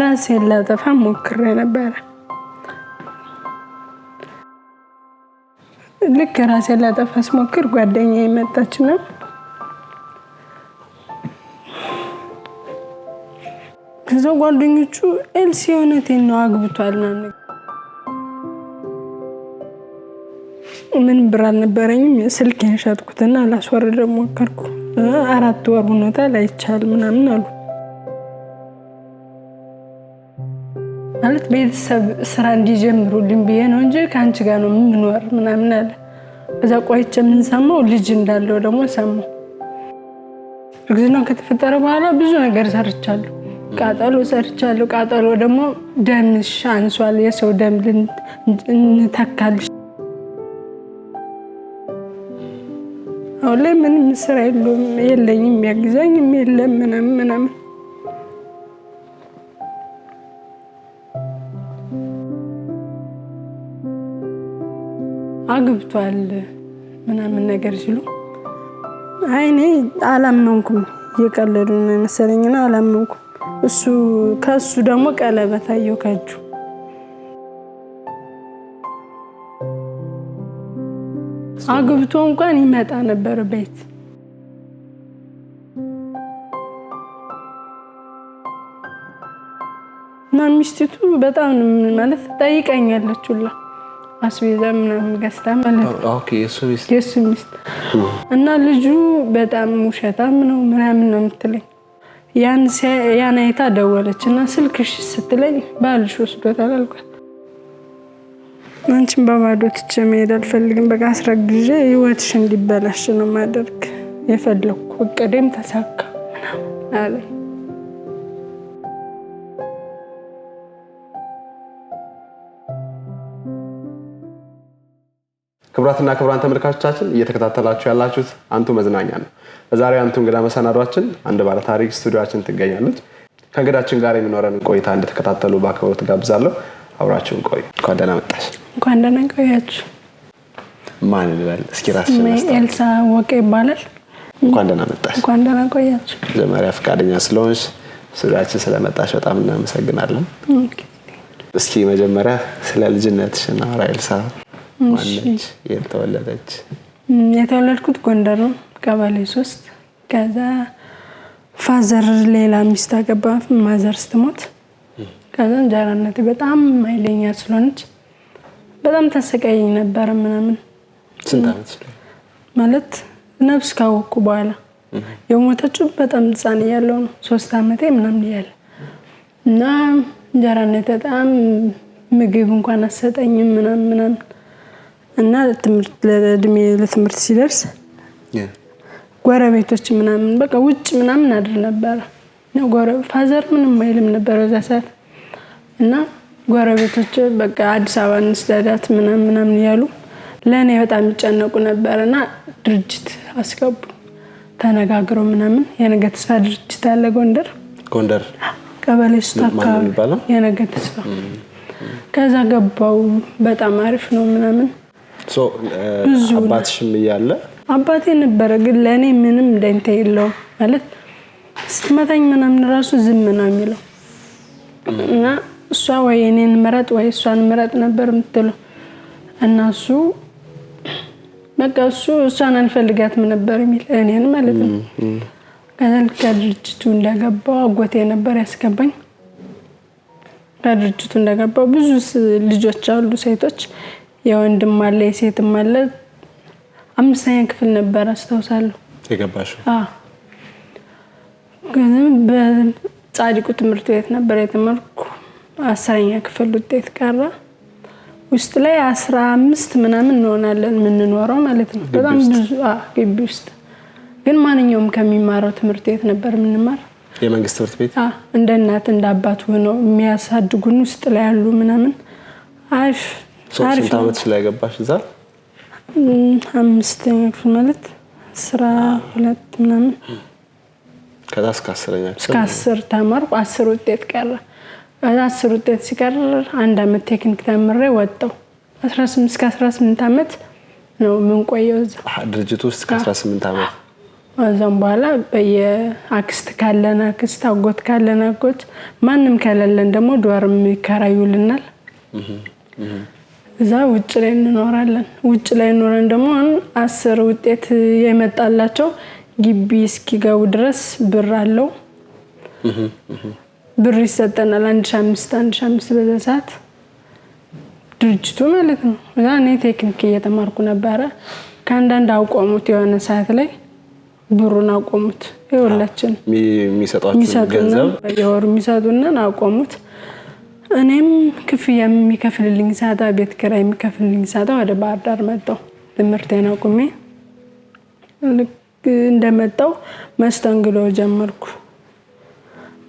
ራሴን ላጠፋ ሞክሬ ነበረ። ልክ ራሴን ላጠፋ ስሞክር ጓደኛዬ መጣች ነው። ከዛ ጓደኞቹ ኤልሲ እውነቴን ነው አግብቷል ምናምን ምን ብር አልነበረኝም። ስልክ ሸጥኩትና ላስወርደው ሞከርኩ። አራት ወር ሁኖታል አይቻል ምናምን አሉ። ማለት ቤተሰብ ስራ እንዲጀምሩልኝ ብዬ ነው እንጂ ከአንቺ ጋር ነው የምኖር ምናምን አለ። እዛ ቆይቼ የምንሰማው ልጅ እንዳለው ደግሞ ሰማሁ። እርግዝናው ከተፈጠረ በኋላ ብዙ ነገር ሰርቻለሁ። ቃጠሎ ሰርቻለሁ። ቃጠሎ ደግሞ ደምሽ አንሷል፣ የሰው ደም እንተካልሽ። አሁን ላይ ምንም ስራ የለኝም፣ የሚያግዛኝም የለም ምናምን ምናምን አግብቷል ምናምን ነገር ሲሉ አይኔ አላመንኩም። እየቀለዱ ነው መሰለኝና አላመንኩም። እሱ ከሱ ደግሞ ቀለበት አየሁ ከእጁ አግብቶ እንኳን ይመጣ ነበር ቤት እና ሚስቲቱ በጣም ማለት ጠይቀኛለች ሁላ አስቤዛ ምናምን ገዝታ ማለት የእሱ ሚስት እና ልጁ በጣም ውሸታም ነው ምናምን ነው የምትለኝ። ያን አይታ ደወለች እና ስልክሽ ስትለኝ ባልሽ ወስዶታል አልኳት። አንቺን በባዶ ትቼ መሄድ አልፈልግም። በቃ አስረግዤ ህይወትሽ እንዲበላሽ ነው ማደርግ የፈለኩ እቅዴም ተሳካ ምናምን አለኝ። ክቡራትና ክቡራን ተመልካቾቻችን እየተከታተላችሁ ያላችሁት አንቱ መዝናኛ ነው። በዛሬ አንቱ እንግዳ መሰናዷችን አንድ ባለታሪክ ስቱዲዮችን ትገኛለች። ከእንግዳችን ጋር የሚኖረን ቆይታ እንደተከታተሉ በአክብሮት ጋብዛለሁ። አብራችሁን ቆዩ። እንኳን ደህና መጣሽ። እንኳን ደህና ቆያችሁ። ማን ልበል እስኪ? ራስሽን ኤልሳ ይባላል። እንኳን ደህና መጣሽ። እንኳን ደህና ቆያችሁ። መጀመሪያ ፈቃደኛ ስለሆንሽ ስቱዲያችን ስለመጣሽ በጣም እናመሰግናለን። እስኪ መጀመሪያ ስለ ልጅነትሽ እናውራ ኤልሳ። ማነች? የት ተወለደች? የተወለድኩት ጎንደር ነው፣ ቀበሌ ሶስት። ከዛ ፋዘር ሌላ ሚስት አገባ፣ ማዘር ስትሞት። ከዛ እንጀራነት በጣም ኃይለኛ ስለሆነች በጣም ተሰቃይ ነበረ ምናምን። ማለት ነብስ ካወቅኩ በኋላ የሞተችው በጣም ህፃን እያለሁ ነው፣ ሶስት አመቴ ምናምን እያለ እና እንጀራነት በጣም ምግብ እንኳን አሰጠኝም ምናምን ምናምን እና ለእድሜ ለትምህርት ሲደርስ ጎረቤቶች ምናምን በቃ ውጭ ምናምን አድር ነበረ። ፋዘር ምንም አይልም ነበረ እዛ ሰዓት እና ጎረቤቶች በቃ አዲስ አበባ እንስዳዳት ምናምን ምናምን እያሉ ለእኔ በጣም ይጨነቁ ነበር እና ድርጅት አስገቡ ተነጋግረው ምናምን የነገ ተስፋ ድርጅት ያለ ጎንደር ጎንደር ቀበሌ ውስጥ አካባቢ የነገ ተስፋ ከዛ ገባው በጣም አሪፍ ነው ምናምን ብዙ አባትሽም እያለ አባቴ ነበረ፣ ግን ለእኔ ምንም ደንታ የለውም ማለት ስትመታኝ ምናምን ራሱ ዝም ነው የሚለው እና እሷ ወይ እኔን ምረጥ ወይ እሷን ምረጥ ነበር የምትለው እና እሱ በቃ እሱ እሷን አልፈልጋትም ነበር የሚል እኔን ማለት ነው። ከዛ ልክ ከድርጅቱ እንደገባው አጎቴ ነበር ያስገባኝ። ከድርጅቱ እንደገባው ብዙ ልጆች አሉ ሴቶች የወንድም አለ የሴትም አለ። አምስተኛ ክፍል ነበር አስታውሳለሁ ግን በጻድቁ ትምህርት ቤት ነበር የተመርኩ። አስረኛ ክፍል ውጤት ቀረ። ውስጥ ላይ አስራ አምስት ምናምን እንሆናለን የምንኖረው ማለት ነው። በጣም ብዙ ግቢ ውስጥ ግን ማንኛውም ከሚማረው ትምህርት ቤት ነበር የምንማር። የመንግስት ትምህርት ቤት እንደ እናት እንደ አባት ሆነው የሚያሳድጉን ውስጥ ላይ ያሉ ምናምን አሽ ሶስት ዓመት ስለገባሽ እዛ አምስተኛ ክፍል ማለት አስራ ሁለት ምናምን ከዛ እስከ አስረኛ እስከ አስር ተማርኩ። አስር ውጤት ቀረ። አስር ውጤት ሲቀር አንድ አመት ቴክኒክ ተምሬ ወጣሁ። አስራ ስምንት እስከ አስራ ስምንት ዓመት ነው የምንቆየው እዛ ድርጅት ውስጥ ከአስራ ስምንት አመት እዛም በኋላ በየአክስት ካለን አክስት፣ አጎት ካለን አጎት፣ ማንም ከሌለን ደግሞ ዶርም ይከራዩልናል። እዛ ውጭ ላይ እንኖራለን። ውጭ ላይ ኖረን ደግሞ አሁን አስር ውጤት የመጣላቸው ግቢ እስኪገቡ ድረስ ብር አለው ብር ይሰጠናል። አንድ ሺህ አምስት አንድ ሺህ አምስት በዛ ሰዓት ድርጅቱ ማለት ነው። እዛ እኔ ቴክኒክ እየተማርኩ ነበረ። ከአንዳንድ አቆሙት፣ የሆነ ሰዓት ላይ ብሩን አቆሙት። የሁላችን የሚሰጡን በየወሩ የሚሰጡንን አቆሙት። እኔም ክፍያ የሚከፍልልኝ ሳጣ፣ ቤት ኪራይ የሚከፍልልኝ ሳጣ ወደ ባህር ዳር መጣሁ። ትምህርቴን አቁሜ ልክ እንደመጣሁ መስተንግዶ ጀመርኩ።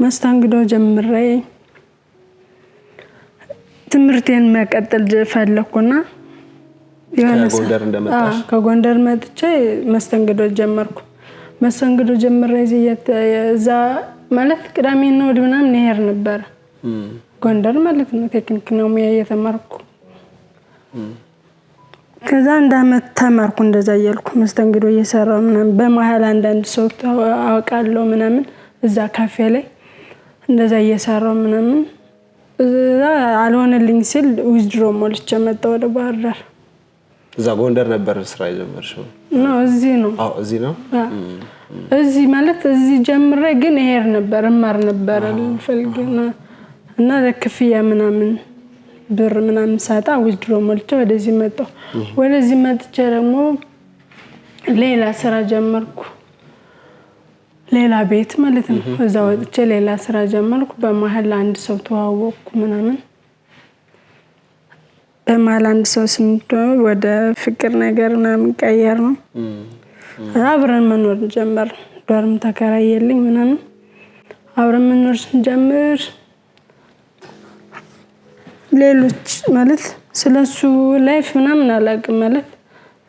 መስተንግዶ ጀምሬ ትምህርቴን መቀጠል ፈለኩና ከጎንደር መጥቼ መስተንግዶ ጀመርኩ። መስተንግዶ ጀምሬ እዛ ማለት ቅዳሜና እሑድ ምናምን ይሄድ ነበረ ጎንደር ማለት ነው። ቴክኒክ ነው ሙያ እየተማርኩ ከዛ አንድ አመት ተማርኩ። እንደዛ እያልኩ መስተንግዶ እየሰራሁ ምናምን በመሀል አንዳንድ ሰው አውቃለሁ ምናምን እዛ ካፌ ላይ እንደዛ እየሰራው ምናምን እዛ አልሆነልኝ ሲል ዊዝድሮ ሞልቼ መጣሁ ወደ ባህር ዳር። እዛ ጎንደር ነበር ስራ የጀመርሽው? እዚህ ነው። እዚህ ነው። እዚህ ማለት እዚህ ጀምሬ ግን እሄድ ነበር እማር ነበር ፈልግ እና ለክፍያ ምናምን ብር ምናምን ሳጣ ዊዝድሮ ሞልቼ ወደዚህ መጣሁ። ወደዚህ መጥቼ ደግሞ ሌላ ስራ ጀመርኩ። ሌላ ቤት ማለት ነው። እዛ ወጥቼ ሌላ ስራ ጀመርኩ። በመሀል አንድ ሰው ተዋወቅኩ ምናምን በመሀል አንድ ሰው ስንዶ ወደ ፍቅር ነገር ምናምን ቀየር ነው። አብረን መኖር ጀመር። ዶርም ተከራየልኝ ምናምን አብረን መኖር ስንጀምር ሌሎች ማለት ስለሱ ላይፍ ምናምን አላውቅም ማለት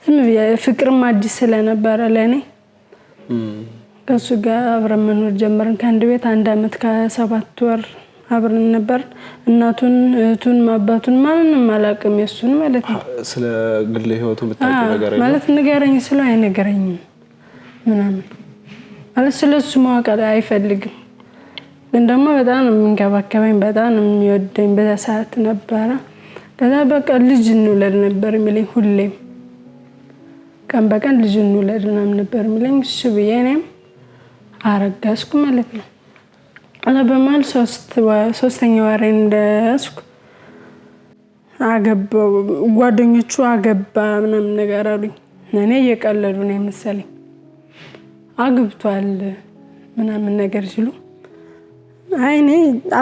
ዝም ብዬ ፍቅርም አዲስ ስለነበረ ለእኔ ከእሱ ጋር አብረን መኖር ጀመርን። ከአንድ ቤት አንድ አመት ከሰባት ወር አብረን ነበር። እናቱን፣ እህቱን፣ አባቱን ማንንም አላውቅም የእሱን ማለት ነው። ስለ ግል ህይወቱ ማለት ንገረኝ ስለ አይነገረኝም ምናምን ማለት ስለ እሱ ማወቅ አይፈልግም ግን ደግሞ በጣም የሚንከባከበኝ በጣም የሚወደኝ በዛ ሰዓት ነበረ። ከዛ በቃ ልጅ እንውለድ ነበር የሚለኝ ሁሌም ቀን በቀን ልጅ እንውለድ ምናምን ነበር የሚለኝ። እሺ ብዬ እኔም አረጋስኩ ማለት ነው። ከዛ በመሀል ሶስተኛ ወሬ እንደያዝኩ አገባው ጓደኞቹ አገባ ምናምን ነገር አሉኝ። እኔ እየቀለዱ ነው የመሰለኝ አግብቷል ምናምን ነገር ሲሉ አይኔ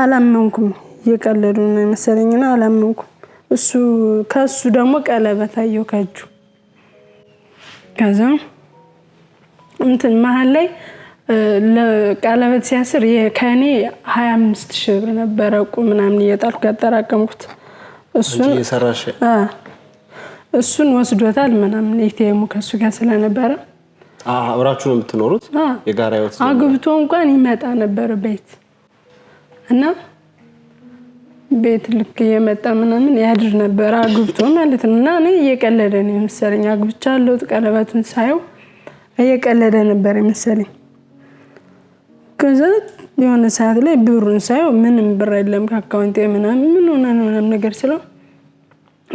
አላመንኩም። እየቀለዱ ነው የመሰለኝና አላመንኩም። እሱ ከሱ ደግሞ ቀለበት አየሁ ከእጁ ከዛ እንትን መሀል ላይ ቀለበት ሲያስር ከእኔ ሀያ አምስት ሺህ ብር ነበረ ዕቁ ምናምን እየጣልኩ ያጠራቀምኩት እሱን ወስዶታል ምናምን ኤቲኤሙ ከሱ ጋር ስለነበረ አብራችሁ ነው የምትኖሩት የጋራ አግብቶ እንኳን ይመጣ ነበር ቤት እና ቤት ልክ እየመጣ ምናምን ያድር ነበር አግብቶ ማለት ነው። እና እኔ እየቀለደ ነው የመሰለኝ አግብቻ አለሁት ቀለበቱን ሳየው እየቀለደ ነበር የመሰለኝ። ከዛ የሆነ ሰዓት ላይ ብሩን ሳየው ምንም ብር የለም ከአካውንቴ ምናምን ምን ሆነ ምናምን ነገር ስለው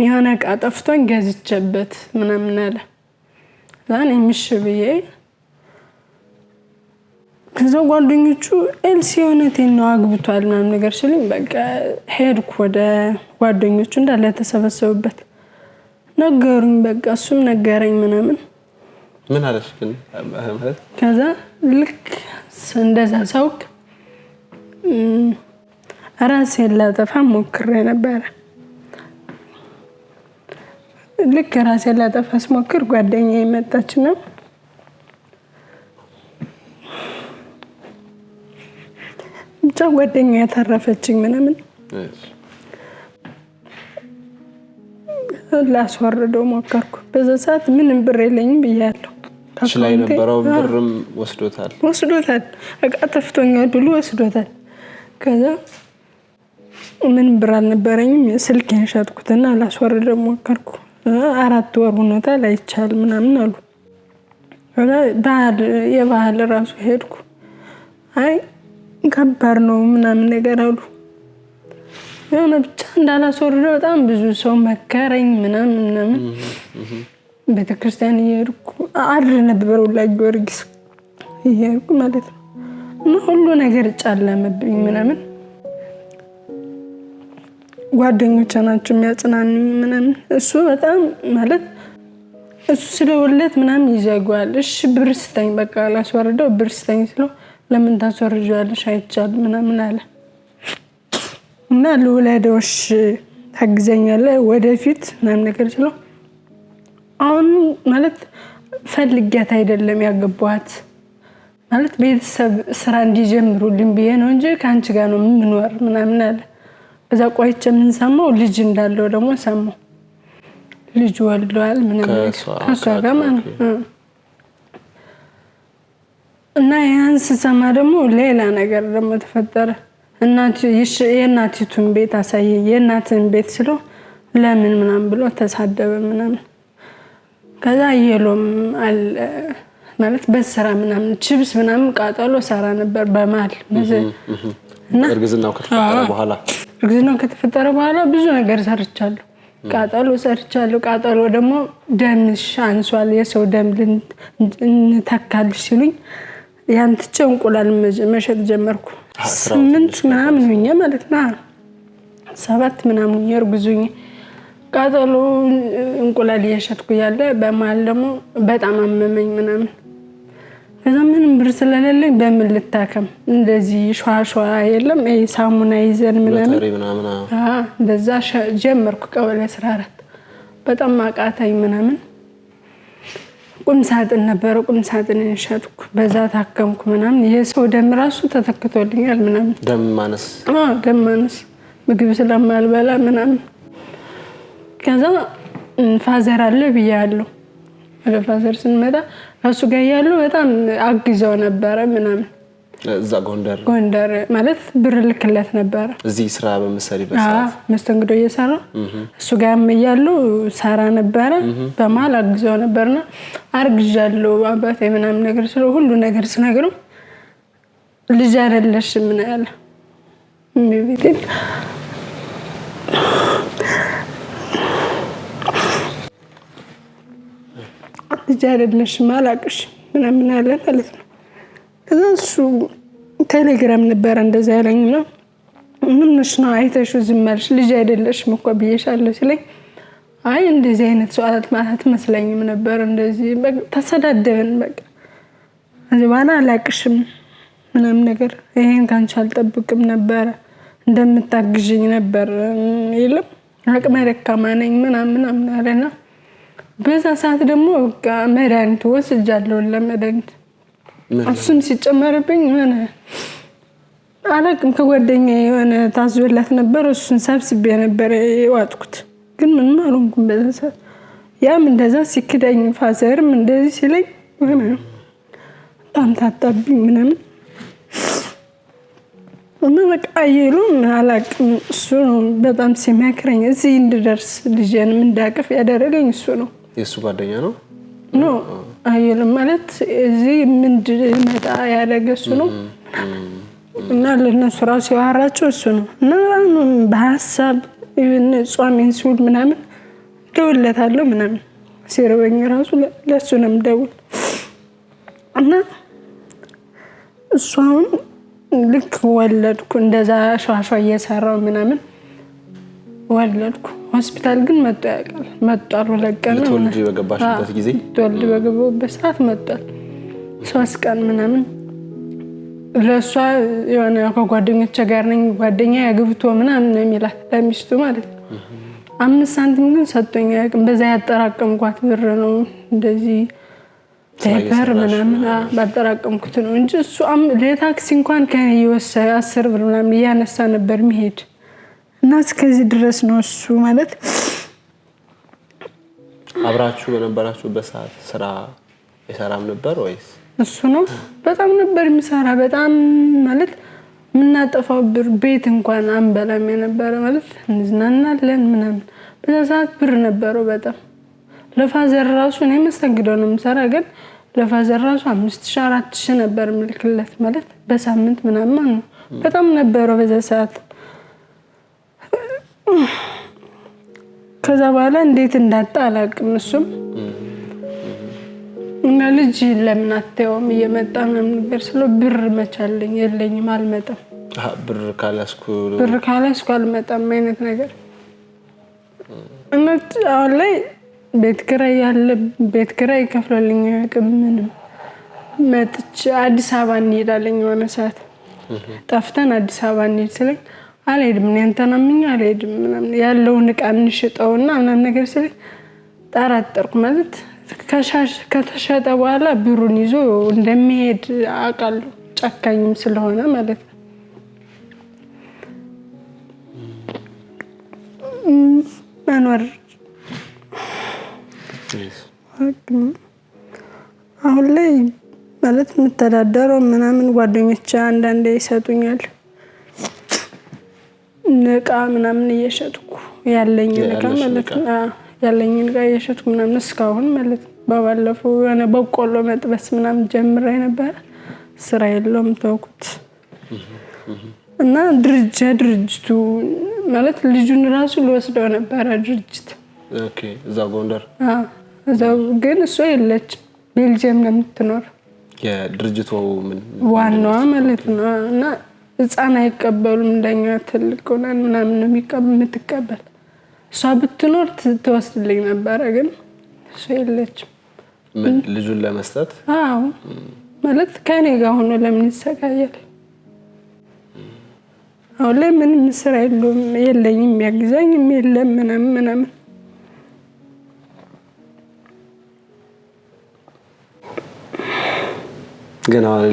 የሆነ እቃ ጠፍቶኝ ገዝቼበት ምናምን አለ። ዛን ምሽ ብዬ ከዛ ጓደኞቹ ኤልሲ የእውነቴን ነው አግብቷል ምናምን ነገር ሲሉኝ በቃ ሄድኩ ወደ ጓደኞቹ እንዳለ ተሰበሰቡበት ነገሩኝ። በቃ እሱም ነገረኝ ምናምን ምን አለሽ ግን ከዛ ልክ እንደዛ ሳውቅ ራሴን ላጠፋ ሞክሬ ነበረ። ልክ ራሴን ላጠፋ ስሞክር ጓደኛ የመጣች ነው ብቻ ጓደኛ ያተረፈችኝ ምናምን ላስወርደው ሞከርኩ። በዛ ሰዓት ምንም ብር የለኝም ብያለሁ። ላይ ነበረው ብርም ወስዶታል ወስዶታል። እቃ ተፍቶኛል ብሎ ወስዶታል። ከዛ ምን ብር አልነበረኝም። ስልኬን ሸጥኩትና ላስወርደው ሞከርኩ። አራት ወር ሆኖታል አይቻል ምናምን አሉ። የባህል ራሱ ሄድኩ አይ ከባድ ነው ምናምን ነገር አሉ። የሆነ ብቻ እንዳላስወርደ በጣም ብዙ ሰው መከረኝ ምናምን ምናምን። ቤተክርስቲያን እየሄድኩ አድር ነበር ወላ ጊዮርጊስ እየሄድኩ ማለት ነው። እና ሁሉ ነገር ጨለመብኝ ምናምን። ጓደኞቼ ናቸው የሚያጽናኑኝ ምናምን። እሱ በጣም ማለት እሱ ስለ ወለት ምናምን ይዘጓል። እሺ ብር ስጠኝ በቃ ላስወርደው ብር ስጠኝ ስለው ለምን ታስወርጃለሽ? አይቻል ምናምን አለ እና ልውለዶሽ ታግዘኛለህ ወደፊት ምናምን ነገር ስለው አሁን ማለት ፈልጊያት አይደለም ያገቧት ማለት ቤተሰብ ስራ እንዲጀምሩልኝ ብዬ ነው እንጂ ከአንቺ ጋር ነው የምኖር ምናምን አለ። በዛ ቆይቼ የምንሰማው ልጅ እንዳለው ደግሞ ሰማው። ልጅ ወልደዋል ምናምን ከእሷ ጋር ማለት ነው እና ያን ስሰማ ደግሞ ሌላ ነገር ደግሞ ተፈጠረ። የእናቲቱን ቤት አሳየ። የእናትን ቤት ስሎ ለምን ምናምን ብሎ ተሳደበ ምናምን። ከዛ የሎም ማለት በስራ ምናምን ችብስ ምናምን ቃጠሎ ሰራ ነበር በማል እርግዝናው ከተፈጠረ በኋላ እርግዝናው ከተፈጠረ በኋላ ብዙ ነገር ሰርቻለሁ። ቃጠሎ ሰርቻለሁ። ቃጠሎ ደግሞ ደምሽ አንሷል፣ የሰው ደም እንተካልሽ ሲሉኝ ያን ትቼ እንቁላል መሸጥ ጀመርኩ። ስምንት ምናምን ሆኜ ማለት ና ሰባት ምናምን ሆኜ እርጉዙኝ ቃጠሎ እንቁላል እየሸጥኩ ያለ በመሀል ደግሞ በጣም አመመኝ ምናምን። ከዛ ምንም ብር ስለሌለኝ በምን ልታከም እንደዚህ ሸዋሸዋ የለም ሳሙና ይዘን ምናምን እንደዛ ጀመርኩ ቀበሌ አስራ አራት በጣም አቃታኝ ምናምን ቁም ሳጥን ነበረ። ቁም ሳጥን ሸጥኩ፣ በዛ ታከምኩ ምናምን። ይሄ ሰው ደም ራሱ ተተክቶልኛል ምናምን፣ ደም ማነስ ደም ማነስ፣ ምግብ ስለማልበላ ምናምን። ከዛ ፋዘር አለ ብዬ አለው። ወደ ፋዘር ስንመጣ እሱ ጋር ያሉ በጣም አግዘው ነበረ ምናምን እዛ ጎንደር ጎንደር ማለት ብር ልክለት ነበረ። እዚህ ስራ በምሰሪ ሰዓት መስተንግዶ እየሰራ እሱ ጋርም እያሉ ሰራ ነበረ። በመሀል አግዘው ነበርና አርግዣለሁ አባቴ ምናምን ነገር ስለ ሁሉ ነገር ስነግሩ ልጅ አይደለሽ ምን ያለ ቤቴን ልጅ አይደለሽ አላቅሽ ምናምን አለ ማለት ነው ከዛ እሱ ቴሌግራም ነበረ እንደዛ ያለኝ ነው። ምንሽ ነው አይተሽው ዝም አልሽ? ልጅ አይደለሽም እኮ ብዬሻለሁ ሲለኝ አይ እንደዚህ አይነት ሰው አትመስለኝም ነበር። እንደዚህ ተሰዳደብን። በቃ እዚህ በኋላ አላቅሽም ምንም ነገር ይሄን ካንቺ አልጠብቅም ነበረ እንደምታግዥኝ ነበር ይልም አቅመ ደካማ ነኝ ምናምን ምናምን አለና በዛ ሰዓት ደግሞ በቃ መድኃኒት ወስጃለሁ ለመድኃኒት እሱን ሲጨመርብኝ የሆነ አላቅም ከጓደኛ የሆነ ታዝበላት ነበር። እሱን ሰብስቤ ነበረ የዋጥኩት፣ ግን ምንም አልሆንኩም በዛ ሰዓት። ያም እንደዛ ሲክደኝ ፋዘርም እንደዚህ ሲለኝ ሆነ ታጣብኝ ምናምን እና በቃ አላቅም። እሱ ነው በጣም ሲመክረኝ እዚህ እንድደርስ ልጄንም እንዳቅፍ ያደረገኝ እሱ ነው። የእሱ ጓደኛ ነው ነው አይልም ማለት እዚህ ምንድመጣ ያደረገ እሱ ነው እና ለነሱ ራሱ የዋራቸው እሱ ነው እና በሀሳብ ጿሜን ሲውል ምናምን ደውለታለሁ ምናምን ሲርበኝ ራሱ ለእሱ ነው የምደውል እና እሱ ልክ ወለድኩ እንደዛ ሸዋሸዋ እየሰራው ምናምን ወለድኩ ሆስፒታል ግን መጣ ያውቃል። መጧል ሁለት ቀን ልትወልድ በገባሽበት ጊዜ ልትወልድ በገባሁበት ሰዓት መጧል። ሶስት ቀን ምናምን ለእሷ የሆነ ከጓደኞቼ ጋር ነኝ ጓደኛ ያግብቶ ምናምን ነው የሚላት ለሚስቱ ማለት ነው። አምስት ሳንቲም ግን ሰጥቶኝ አያውቅም። በዛ ያጠራቀምኳት ብር ነው እንደዚህ ዳይፐር ምናምን ባጠራቀምኩት ነው እንጂ እሱ ለታክሲ እንኳን ከእኔ እየወሰደ አስር ብር ምናምን እያነሳ ነበር መሄድ እና እስከዚህ ድረስ ነው እሱ ማለት አብራችሁ በነበራችሁበት ሰዓት ስራ የሰራም ነበር ወይስ እሱ ነው? በጣም ነበር የሚሰራ በጣም ማለት የምናጠፋው ብር ቤት እንኳን አንበላም የነበረ ማለት እንዝናናለን ምናምን። በዛ ሰዓት ብር ነበረው በጣም ለፋዘር ራሱ እኔ መስተንግዶ ነው የምሰራ፣ ግን ለፋዘር ራሱ አምስት ሺ አራት ሺ ነበር ምልክለት ማለት በሳምንት ምናምን ነው። በጣም ነበረው በዛ ሰዓት ከዛ በኋላ እንዴት እንዳጣ አላውቅም። እሱም እና ልጅ ለምን አታየውም እየመጣ ምናምን ነበር ስለው ብር መቻለኝ የለኝም፣ አልመጣም ብር ካላስኩ ብር ካላስኩ አልመጣም አይነት ነገር እነት አሁን ላይ ቤት ክራይ ያለ ቤት ክራይ ይከፍላልኝ አያውቅም። ምንም መጥቼ አዲስ አበባ እንሄዳለኝ የሆነ ሰዓት ጠፍተን አዲስ አበባ እንሄድ ስለኝ አልሄድም እኔ አንተን አምኜ አልሄድም ምናምን ያለውን እቃ እና ምናምን ነገር ስለ ጠራጠርኩ ማለት ከተሸጠ በኋላ ብሩን ይዞ እንደሚሄድ አውቃለሁ። ጨካኝም ስለሆነ ማለት ነው። መኖር አሁን ላይ ማለት የምተዳደረው ምናምን ጓደኞች አንዳንዴ ይሰጡኛል እቃ ምናምን እየሸጥኩ ያለኝን እቃ ማለት ነው ያለኝን እቃ እየሸጥኩ ምናምን እስካሁን ማለት በባለፈው የሆነ በቆሎ መጥበስ ምናምን ጀምሬ ነበረ። ስራ የለውም ተውኩት እና ድርጅ ድርጅቱ ማለት ልጁን ራሱ ልወስደው ነበረ ድርጅት እዛ ጎንደር እዛው፣ ግን እሷ የለች ቤልጅየም ነው የምትኖር የድርጅቱ ዋናዋ ማለት ነው እና ህፃን አይቀበሉም። እንደኛ ትልቅ ሆነን ምናምን ነው የምትቀበል። እሷ ብትኖር ትወስድልኝ ነበረ፣ ግን እሷ የለችም። ልጁን ለመስጠት አዎ፣ ማለት ከእኔ ጋር ሆኖ ለምን ይሰቃያል? አሁን ላይ ምንም ስራ የለውም፣ የለኝም፣ የሚያግዛኝም የለም ምናምን ምናምን ግን አሁን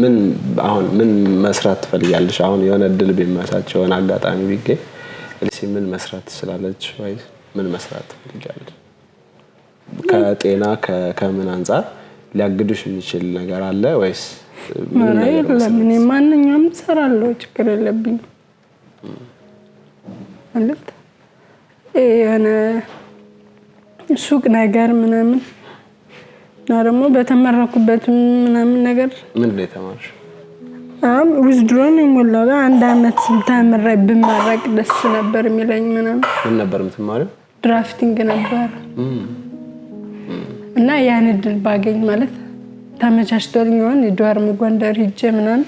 ምን አሁን ምን መስራት ትፈልጊያለሽ? አሁን የሆነ እድል ቢመቻች የሆነ አጋጣሚ ቢገኝ ሲ ምን መስራት ትችላለች ወይ ምን መስራት ትፈልጊያለሽ? ከጤና ከምን አንጻር ሊያግዱሽ የሚችል ነገር አለ ወይስ? ምንለምን? ማንኛውም እሰራለሁ፣ ችግር የለብኝም። ማለት የሆነ ሱቅ ነገር ምናምን እና ደግሞ በተመረኩበትም ምናምን ነገር ምንድን ነው የተማርሽ? ውዝድሮን የሞላው ጋር አንድ አመት ተምሬ ብመረቅ ደስ ነበር የሚለኝ ምናምን። ምን ነበር የምትማሪው? ድራፍቲንግ ነበር እና ያን እድል ባገኝ ማለት ተመቻችቶልኝ ይሆን የዶርም ጎንደር ሂጄ ምናምን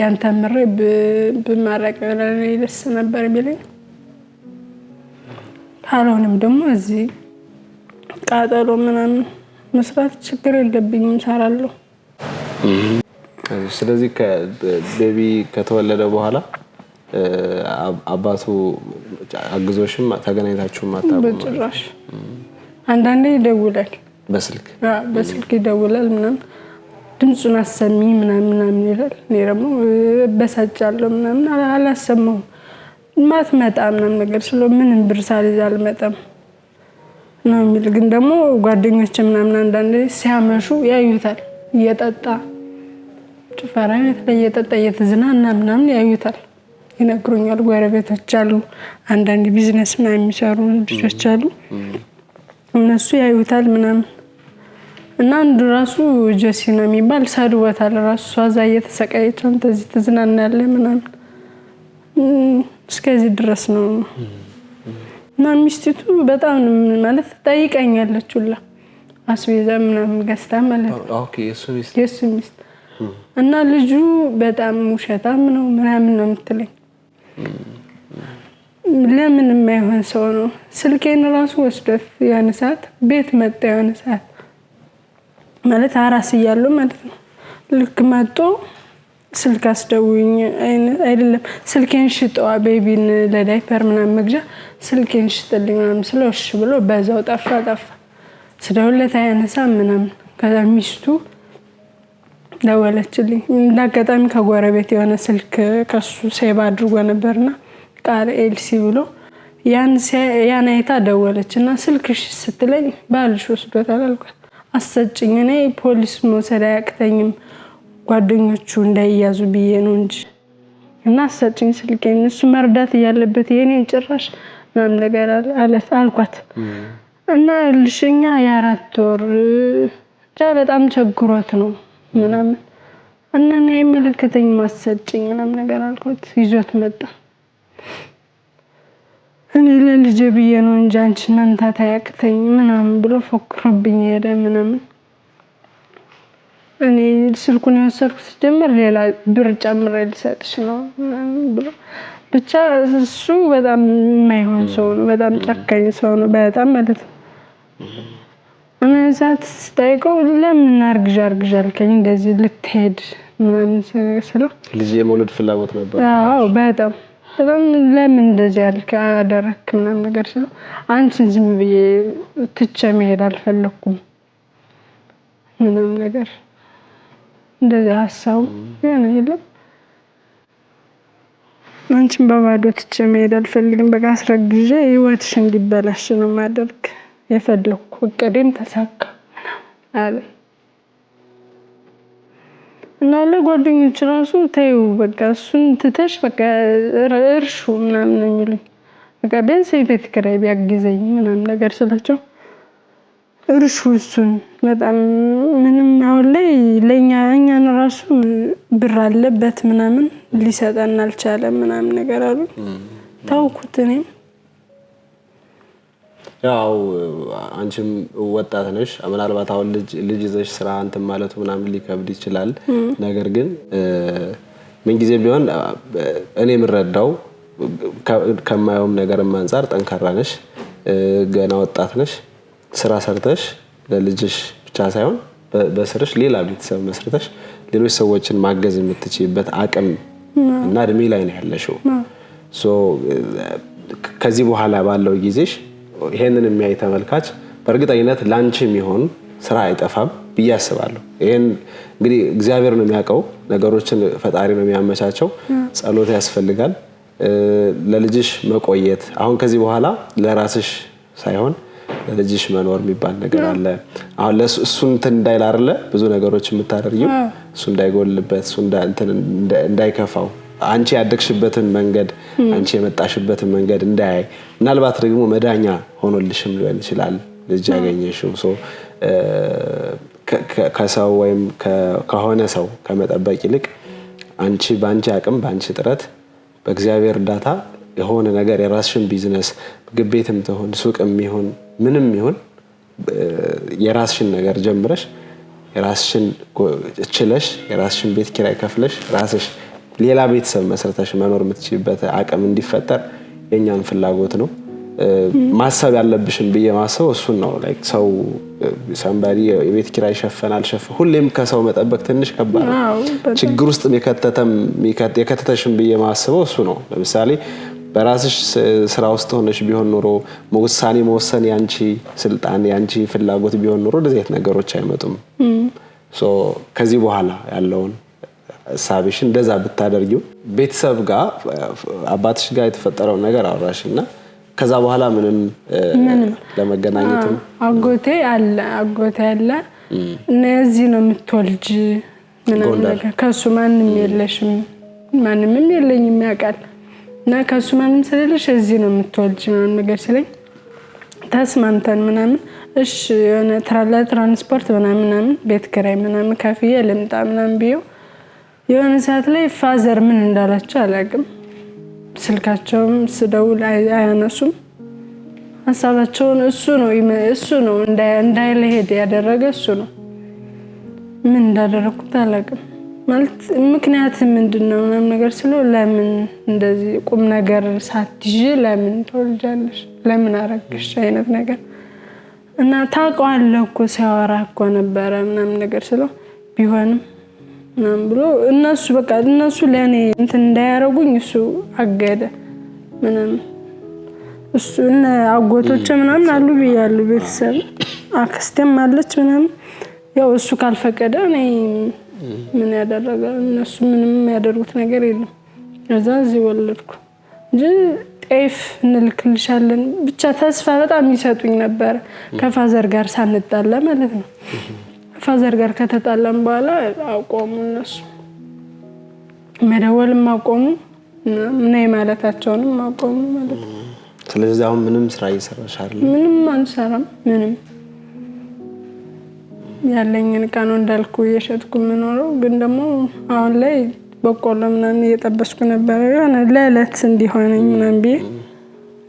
ያን ተምሬ ብመረቅ ደስ ነበር የሚለኝ። ካልሆነም ደግሞ እዚህ ቃጠሎ ምናምን መስራት ችግር የለብኝም፣ ሰራለሁ። ስለዚህ ቤቢ ከተወለደ በኋላ አባቱ አግዞሽም ተገናኝታችሁ አታውቁም? በጭራሽ። አንዳንዴ ይደውላል፣ በስልክ በስልክ ይደውላል ምናምን ድምፁን አሰሚ ምናምን ምናምን ይላል። እኔ ደግሞ በሳጫለሁ ምናምን አላሰማሁም። ማትመጣ ምናምን ነገር ስለ ምንም ብር ሳልይዝ አልመጣም ነው የሚል ግን ደግሞ ጓደኞች ምናምን አንዳንድ ሲያመሹ ያዩታል እየጠጣ ጭፈራ ቤት ላይ እየጠጣ እየተዝናና ምናምን ያዩታል፣ ይነግሩኛል። ጎረቤቶች አሉ፣ አንዳንድ ቢዝነስ ምናምን የሚሰሩ ልጆች አሉ፣ እነሱ ያዩታል ምናምን እና አንዱ ራሱ ጀሲ ነው የሚባል ሰድቦታል። ራሱ እሷ እዛ እየተሰቃየች አንተ እዚህ ትዝናናለህ ምናምን። እስከዚህ ድረስ ነው። እና ሚስቲቱ በጣም ማለት ጠይቀኛለች ሁላ አስቤዛ ምናምን ገዝታ ማለት የእሱ ሚስት እና ልጁ በጣም ውሸታም ነው ምናምን ነው የምትለኝ። ለምን የማይሆን ሰው ነው? ስልኬን ራሱ ወስደት የሆነ ሰዓት ቤት መጣ። የሆነ ሰዓት ማለት አራስ እያሉ ማለት ነው ልክ መጦ ስልክ አስደውኝ አይደለም ስልኬን ሽጠዋ ቤቢን ለዳይፐር ምናምን መግዣ ስልኬን ሽጥልኝ ምናምን ስለ እሺ ብሎ በዛው ጠፋ ጠፋ። ስደውለት አያነሳም ምናምን። ከዛ ሚስቱ ደወለችልኝ። እንዳጋጣሚ ከጎረቤት የሆነ ስልክ ከሱ ሴባ አድርጎ ነበርና ቃል ኤልሲ ብሎ ያን አይታ ደወለች እና ስልክሽ ስትለኝ ባልሽ ወስዶታል አልኳት። አሰጭኝ እኔ ፖሊስ መውሰድ አያቅተኝም ጓደኞቹ እንዳይያዙ ብዬ ነው እንጂ እና ሰጭኝ ስልኬን እሱ መርዳት እያለበት የኔን ጭራሽ ምናምን ነገር አለት አልኳት እና ልሽኛ የአራት ወር ብቻ በጣም ቸግሮት ነው ምናምን እና እኔ የሚልክተኝ ማሰጭኝ ምናምን ነገር አልኳት። ይዞት መጣ። እኔ ለልጄ ብዬ ነው እንጂ አንቺ መንታት አያቅተኝ ምናምን ብሎ ፎክሮብኝ ሄደ ምናምን እኔ ስልኩን የወሰድኩ ሲጀምር ሌላ ብር ጨምሬ ልሰጥሽ ነው ብሎ ብቻ እሱ በጣም የማይሆን ሰው ነው። በጣም ጨካኝ ሰው ነው። በጣም ማለት ነው። እዛት ስጠይቀው ለምን አርግዣ አርግዣ አልከኝ እንደዚህ ልትሄድ ምናምን ስለው ልጅ የመውለድ ፍላጎት ነበር። በጣም በጣም ለምን እንደዚህ አልክ አደረክ ምናምን ነገር ስለው አንቺን ዝም ብዬ ትቼ መሄድ አልፈለግኩም ምንም ነገር እንደዚህ ሀሳቡ የሆነ የለም። አንቺን በባዶ ትቼ መሄድ አልፈልግም። በቃ አስረግዤ ህይወትሽ እንዲበላሽ ነው ማደርግ የፈለኩ እቅዴም ተሳካ አለ እና ለጓደኞች ራሱ ተይው በቃ እሱን ትተሽ በቃ እርሹ ምናምን የሚሉኝ በቃ ቢያንስ ቤት ኪራይ ቢያግዘኝ ምናምን ነገር ስላቸው እርሹ እሱን በጣም ምንም አሁን ላይ ለእኛ እኛን ራሱ ብር አለበት ምናምን ሊሰጠን አልቻለም ምናምን ነገር አሉ። ታውኩት እኔም ያው አንቺም ወጣት ነሽ። ምናልባት አሁን ልጅ ይዘሽ ስራ እንትን ማለቱ ምናምን ሊከብድ ይችላል። ነገር ግን ምንጊዜም ቢሆን እኔ የምረዳው ከማየውም ነገርም አንጻር ጠንካራ ነሽ፣ ገና ወጣት ነሽ። ስራ ሰርተሽ ለልጅሽ ብቻ ሳይሆን በስርሽ ሌላ ቤተሰብ መስርተሽ ሌሎች ሰዎችን ማገዝ የምትችይበት አቅም እና እድሜ ላይ ነው ያለሽው። ከዚህ በኋላ ባለው ጊዜሽ ይሄንን የሚያይ ተመልካች በእርግጠኝነት ላንቺ የሚሆን ስራ አይጠፋም ብዬ አስባለሁ። ይህን እንግዲህ እግዚአብሔር ነው የሚያውቀው፣ ነገሮችን ፈጣሪ ነው የሚያመቻቸው። ጸሎት ያስፈልጋል። ለልጅሽ መቆየት አሁን ከዚህ በኋላ ለራስሽ ሳይሆን ልጅሽ መኖር የሚባል ነገር አለ። አሁን እሱ እንትን እንዳይል አይደለ ብዙ ነገሮች የምታደርጊው እሱ እንዳይጎልበት እሱ እንዳይከፋው አንቺ ያደግሽበትን መንገድ አንቺ የመጣሽበትን መንገድ እንዳያይ ምናልባት ደግሞ መዳኛ ሆኖልሽም ሊሆን ይችላል። ልጅ ያገኘሽው ከሰው ወይም ከሆነ ሰው ከመጠበቅ ይልቅ አንቺ በአንቺ አቅም በአንቺ ጥረት በእግዚአብሔር እርዳታ የሆነ ነገር የራስሽን ቢዝነስ ምግብ ቤትም ትሆን ሱቅም ይሁን ምንም ይሁን የራስሽን ነገር ጀምረሽ የራስሽን ችለሽ የራስሽን ቤት ኪራይ ከፍለሽ ራስሽ ሌላ ቤተሰብ መስረተሽ መኖር የምትችልበት አቅም እንዲፈጠር የእኛም ፍላጎት ነው። ማሰብ ያለብሽን ብዬ ማሰብ እሱን ነው። ሰው ሰንበሪ የቤት ኪራይ ሸፈናል ሸፈ ሁሌም ከሰው መጠበቅ ትንሽ ከባድ ችግር ውስጥ የከተተሽን ብዬ ማስበው እሱ ነው። ለምሳሌ በራስሽ ስራ ውስጥ ሆነሽ ቢሆን ኖሮ ውሳኔ መወሰን ያንቺ ስልጣን ያንቺ ፍላጎት ቢሆን ኖሮ እንደዚህ አይነት ነገሮች አይመጡም። ከዚህ በኋላ ያለውን ሳቢሽ እንደዛ ብታደርጊው ቤተሰብ ጋር አባትሽ ጋር የተፈጠረው ነገር አውራሽ እና ከዛ በኋላ ምንም ለመገናኘትም አጎቴ አለ አጎቴ አለ እነዚህ ነው የምትወልጅ ምናምን ነገር ከእሱ ማንም የለሽም ማንምም የለኝም ያውቃል እና ከሱ ማንም ስለለሽ እዚህ ነው የምትወልጅ ምናምን ነገር ስለኝ ተስማምተን ምናምን እሽ የሆነ ትራንስፖርት ምናምን ምናምን ቤት ኪራይ ምናምን ከፍዬ ልምጣ ምናምን ብዬው የሆነ ሰዓት ላይ ፋዘር ምን እንዳላቸው አላውቅም። ስልካቸውም ስደውል አያነሱም። ሀሳባቸውን እሱ ነው እሱ ነው እንዳይለሄድ ያደረገ እሱ ነው። ምን እንዳደረግኩት አላውቅም። ማለት ምክንያት ምንድን ነው ምናምን ነገር ስለ ለምን እንደዚህ ቁም ነገር ሳትይዥ ለምን ትወልጃለሽ፣ ለምን አረግሽ አይነት ነገር እና ታውቀዋለሁ እኮ ሲያወራ እኮ ነበረ ምናምን ነገር ስለው ቢሆንም ምናምን ብሎ እነሱ በቃ እነሱ ለእኔ እንትን እንዳያረጉኝ እሱ አገደ ምናምን እሱ እነ አጎቶች ምናምን አሉ ብያሉ ቤተሰብ አክስቴም አለች ምናምን ያው እሱ ካልፈቀደ እኔ ምን ያደረገ እነሱ ምንም የሚያደርጉት ነገር የለም። እዛ እዚህ ወለድኩ እንጂ ጤፍ እንልክልሻለን ብቻ ተስፋ በጣም ይሰጡኝ ነበረ። ከፋዘር ጋር ሳንጣላ ማለት ነው። ፋዘር ጋር ከተጣላም በኋላ አቆሙ እነሱ መደወልም አቆሙ፣ ምናይ ማለታቸውንም አቆሙ ማለት ነው። ስለዚህ አሁን ምንም ስራ እየሰራሽ ምንም አንሰራም ምንም ያለኝን እቃ ነው እንዳልኩ እየሸጥኩ የምኖረው። ግን ደግሞ አሁን ላይ በቆሎ ምናምን እየጠበስኩ ነበረ የሆነ ለእለት እንዲሆነኝ ምናምን ብዬ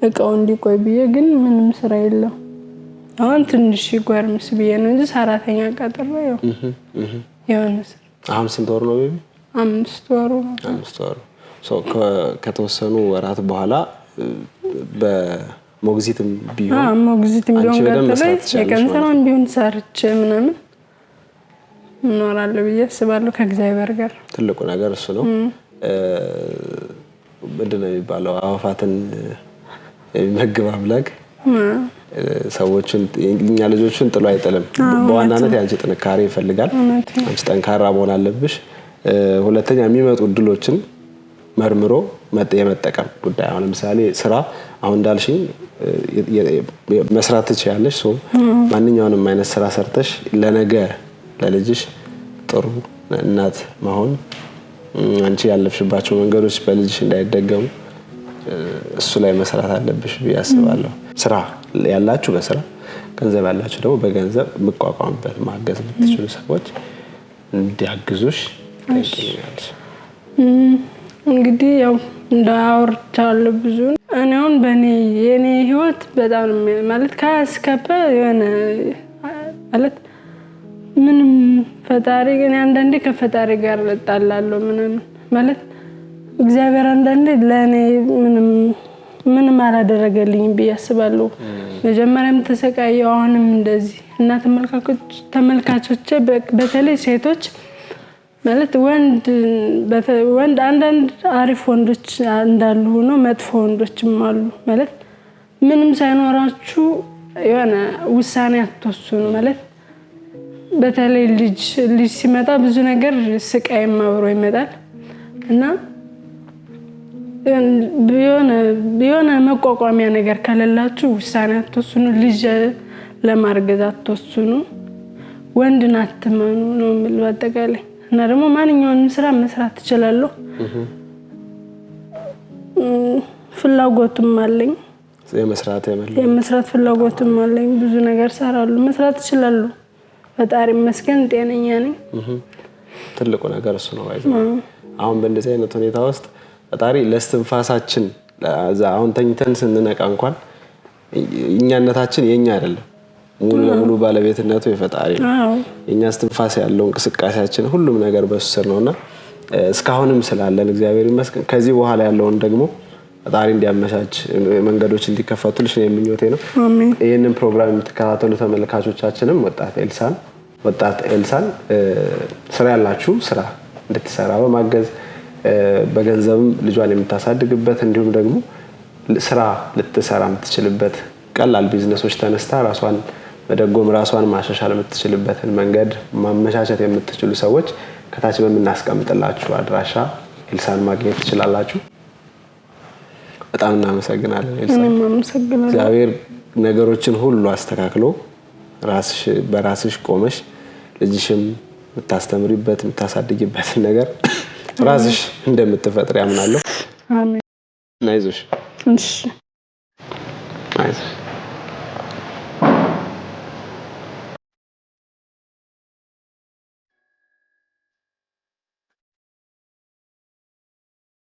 እቃው እንዲቆይ ብዬ ግን ምንም ስራ የለው። አሁን ትንሽ ይጎርምስ ብዬ ነው እንጂ ሰራተኛ ቀጥሬ ው የሆነ ስራ አሁን ስንት ወሩ ነው ቤቢ? አምስት ወሩ አምስት ወሩ ከተወሰኑ ወራት በኋላ በሞግዚትም ቢሆን ሞግዚትም ቢሆን ቀጥሬ የቀን ስራ እንዲሁን ሰርቼ ምናምን እኖራለሁ ብዬ አስባለሁ ከእግዚአብሔር ጋር። ትልቁ ነገር እሱ ነው። ምንድን ነው የሚባለው? አዋፋትን የሚመግብ አምላክ ሰዎችን እኛ ልጆችን ጥሎ አይጥልም። በዋናነት የአንቺ ጥንካሬ ይፈልጋል። አንቺ ጠንካራ መሆን አለብሽ። ሁለተኛ የሚመጡ እድሎችን መርምሮ የመጠቀም ጉዳይ። አሁን ለምሳሌ ስራ አሁን እንዳልሽኝ መስራት ትችያለሽ። ማንኛውንም አይነት ስራ ሰርተሽ ለነገ ለልጅሽ ጥሩ እናት መሆን፣ አንቺ ያለፍሽባቸው መንገዶች በልጅሽ እንዳይደገሙ እሱ ላይ መስራት አለብሽ ብዬ አስባለሁ። ስራ ያላችሁ በስራ ገንዘብ ያላችሁ ደግሞ በገንዘብ የምቋቋምበት ማገዝ የምትችሉ ሰዎች እንዲያግዙሽ እንግዲህ ያው እንዳወርቻለሁ ብዙ እኔ አሁን በእኔ የእኔ ህይወት በጣም ማለት ከያስከበ የሆነ ማለት ምንም ፈጣሪ ግን አንዳንዴ ከፈጣሪ ጋር እጣላለሁ ምንም ማለት እግዚአብሔር አንዳንዴ ለእኔ ምንም ምንም አላደረገልኝም ብዬ አስባለሁ። መጀመሪያም ተሰቃየው አሁንም እንደዚህ እና ተመልካቾች በተለይ ሴቶች ማለት ወንድ ወንድ አንዳንድ አሪፍ ወንዶች እንዳሉ ሆኖ መጥፎ ወንዶችም አሉ። ማለት ምንም ሳይኖራችሁ የሆነ ውሳኔ አትወስኑ ማለት በተለይ ልጅ ልጅ ሲመጣ ብዙ ነገር ስቃይም አብሮ ይመጣል እና የሆነ መቋቋሚያ ነገር ከሌላችሁ ውሳኔ አትወስኑ። ልጅ ለማርገዝ አትወስኑ። ወንድን አትመኑ ነው የምል በአጠቃላይ። እና ደግሞ ማንኛውንም ስራ መስራት ትችላለሁ። ፍላጎቱም አለኝ የመስራት ፍላጎቱም አለኝ። ብዙ ነገር ሰራሉ መስራት ትችላለሁ። ፈጣሪ መስገን ጤነኛ ነኝ። ትልቁ ነገር እሱ ነው። አሁን በእንደዚህ አይነት ሁኔታ ውስጥ ፈጣሪ ለስትንፋሳችን አሁን ተኝተን ስንነቃ እንኳን እኛነታችን የኛ አይደለም፣ ሙሉ ለሙሉ ባለቤትነቱ የፈጣሪ ነው። የእኛ ስትንፋስ ያለው እንቅስቃሴያችን፣ ሁሉም ነገር በሱ ስር ነው እና እስካሁንም ስላለን እግዚአብሔር ይመስገን። ከዚህ በኋላ ያለውን ደግሞ ፈጣሪ እንዲያመቻች መንገዶች እንዲከፈቱልሽ ነው የምኞቴ ነው። ይህንን ፕሮግራም የምትከታተሉ ተመልካቾቻችንም ወጣት ኤልሳን ወጣት ኤልሳን ስራ ያላችሁ ስራ እንድትሰራ በማገዝ በገንዘብም ልጇን የምታሳድግበት እንዲሁም ደግሞ ስራ ልትሰራ የምትችልበት ቀላል ቢዝነሶች ተነስታ ራሷን መደጎም ራሷን ማሻሻል የምትችልበትን መንገድ ማመቻቸት የምትችሉ ሰዎች ከታች በምናስቀምጥላችሁ አድራሻ ኤልሳን ማግኘት ትችላላችሁ። በጣም እናመሰግናለን። እግዚአብሔር ነገሮችን ሁሉ አስተካክሎ በራስሽ ቆመሽ ልጅሽም የምታስተምሪበት የምታሳድጊበትን ነገር ራስሽ እንደምትፈጥር ያምናለሁ። አይዞሽ።